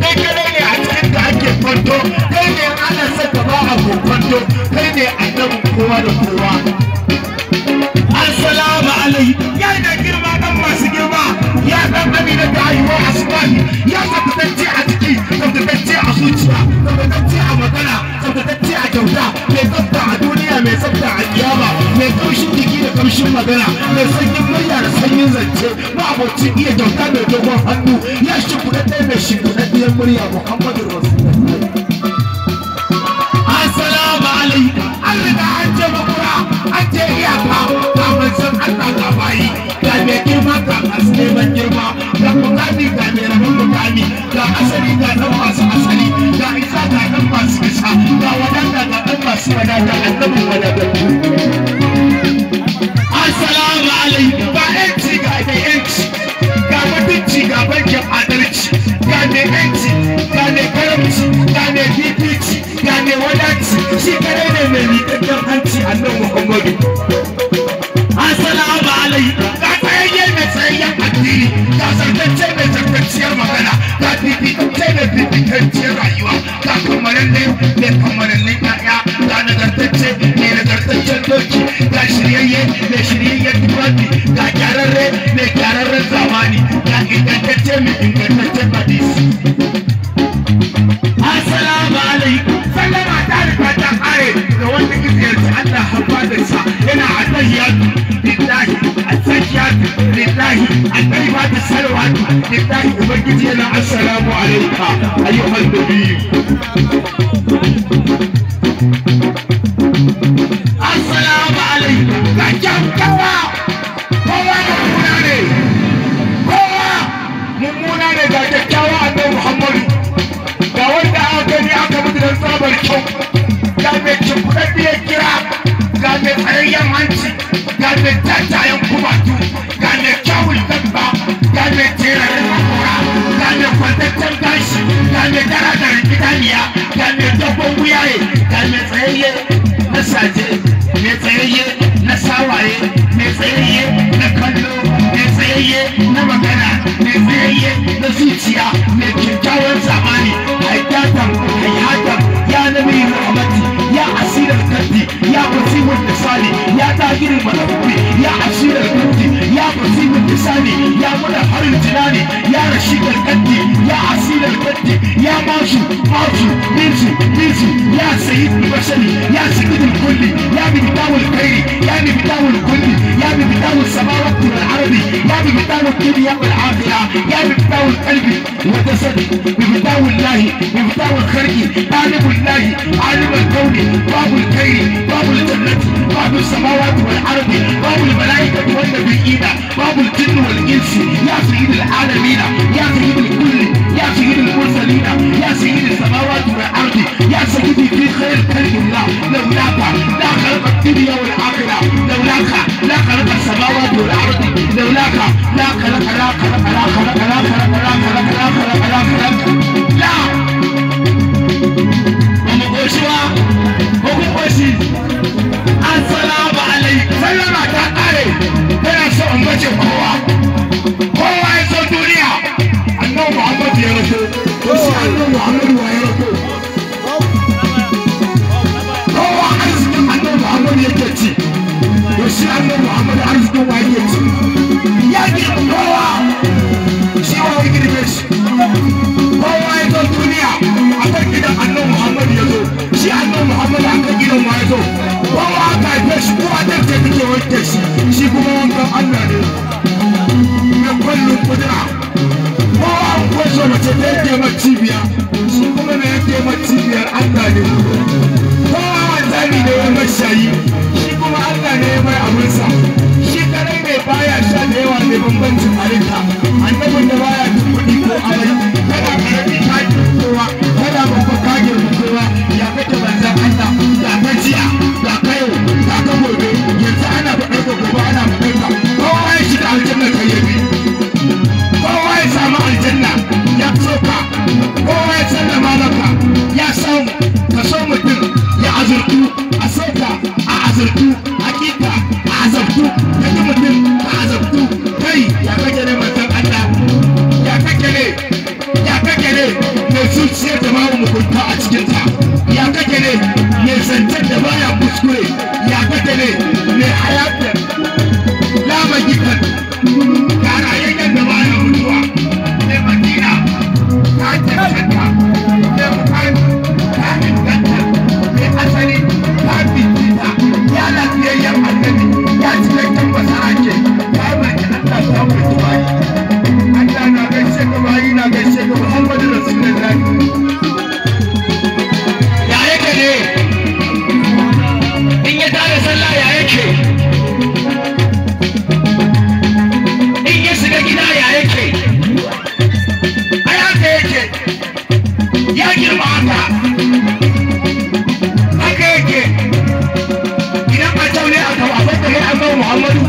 kai kadai ne a cikin da ake kwanto kai ne ana saka ba a kwanto kai ne nan kowa da kowa assalamu alaikum ya da girma dan masu girma ya dan amina da a asmani ya tabbatacce a ciki tabbatacce a zuciya tabbatacce a magana tabbatacce a kyauta mai tsafta a duniya mai tsafta a kiyama mai kaushin jiki da kamshin magana mai sanyin murya da sanyin zance ma abokin iya kyauta mai dogon hannu murya Muhammadu Rasulullahi Assalamu alaikum an riga an ce makura an ce iyaka ga san Allah ga bayi ga girma ga aske ban girma ga mukami ga mai rabon mukami da asali da nan masu asali da isa ga nan masu isa da wadata ga nan masu wadata annabin wadanda. fifitacciyar rayuwa ga kamaranne mai kamaranne ƴaƴa ga nagartacce mai nagartaccen doki mai mai zamani ga ingantacce mai ingantaccen alaikum sallama ta rufa ta kare ga wanda Allah habba yana a التحيات لله الطيبات الصلوات لله وبنجينا السلام عليك أيها النبي mai tattayen kyawun dabba ga mai terarin hakora ga mai kwantattar gashi darajar wuyaye ga mai na saje mai na mai na kallo mai na magana mai na zuciya mai kyakkyawan zamani haidatan haihatan ya nabi ya asirar kaddi ya basirun da ya tagirin يا ماشي ماشي نمشي نمشي يا سيد البشري يا سيد الكل يا بتداول خيري يا بتداول كلي يا بتداول سماواتي بالعربي يا بتداول الدنيا والعافيه يا بتداول قلبي وجسدي بتداول لاهي بتداول خيري طالب الله عالم الكون باب الخير باب الجنه باب السماوات والعربي باب الملائكه والنبيين باب الجن والانس يا سيد العالمين يا سيد por salida. Muhammadu wa ya ci to shi ya shi ya a kan gidan annabi Muhammadu ya zo shi annabi Muhammadu a kan ya a ta shi kuma kwallon an mace Thank you. yake in ya shiga gida ya yake a yaka yake ya girma haka haka yake idan a taune a kan abin da ya an muhammadu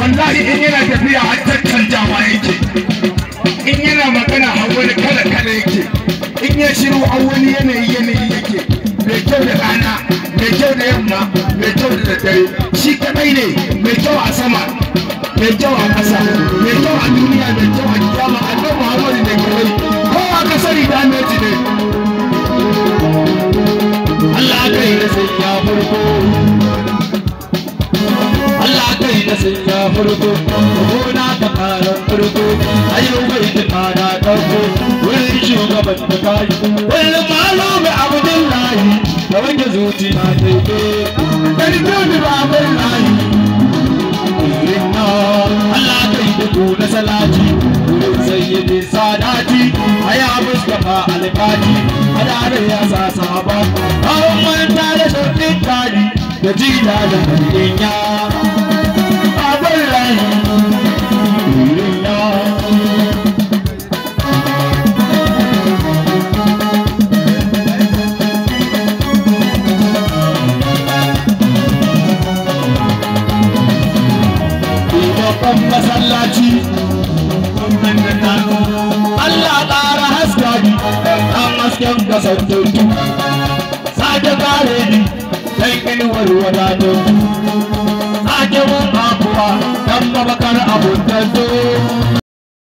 wallahi in yana tafiya a tattantawa yake in yana magana a wani kala kala yake in ya shiru a wani yanayi yanayi yake mai kyau da rana mai kyau na, yamma mai kyau da daddare shi kadai ne mai kyau a sama mai kyau a ƙasa mai kyau a duniya mai kyau a kiyama annabi muhammadu ne kadai kowa ka sani da annabi ne Allah kai da sai ya farko Allah kai da sai ya farko gona ta fara farko ayo bai ta fara dauko wurin shugaban ta kai kullum malu abdullahi wanke zuciya daito dari dole babar layi irin na Allah kai da tona salati wurin sayyidi sadati haya mustafa alfati adare ya sa sahaba hawan manta da shafin tari da jina da hannun yara babban masallaci Allah ƙara haska ni a hasken kasantautu sake kare ni dan inuwar wadatattu sake mun akuwa dan mabakar abuntattu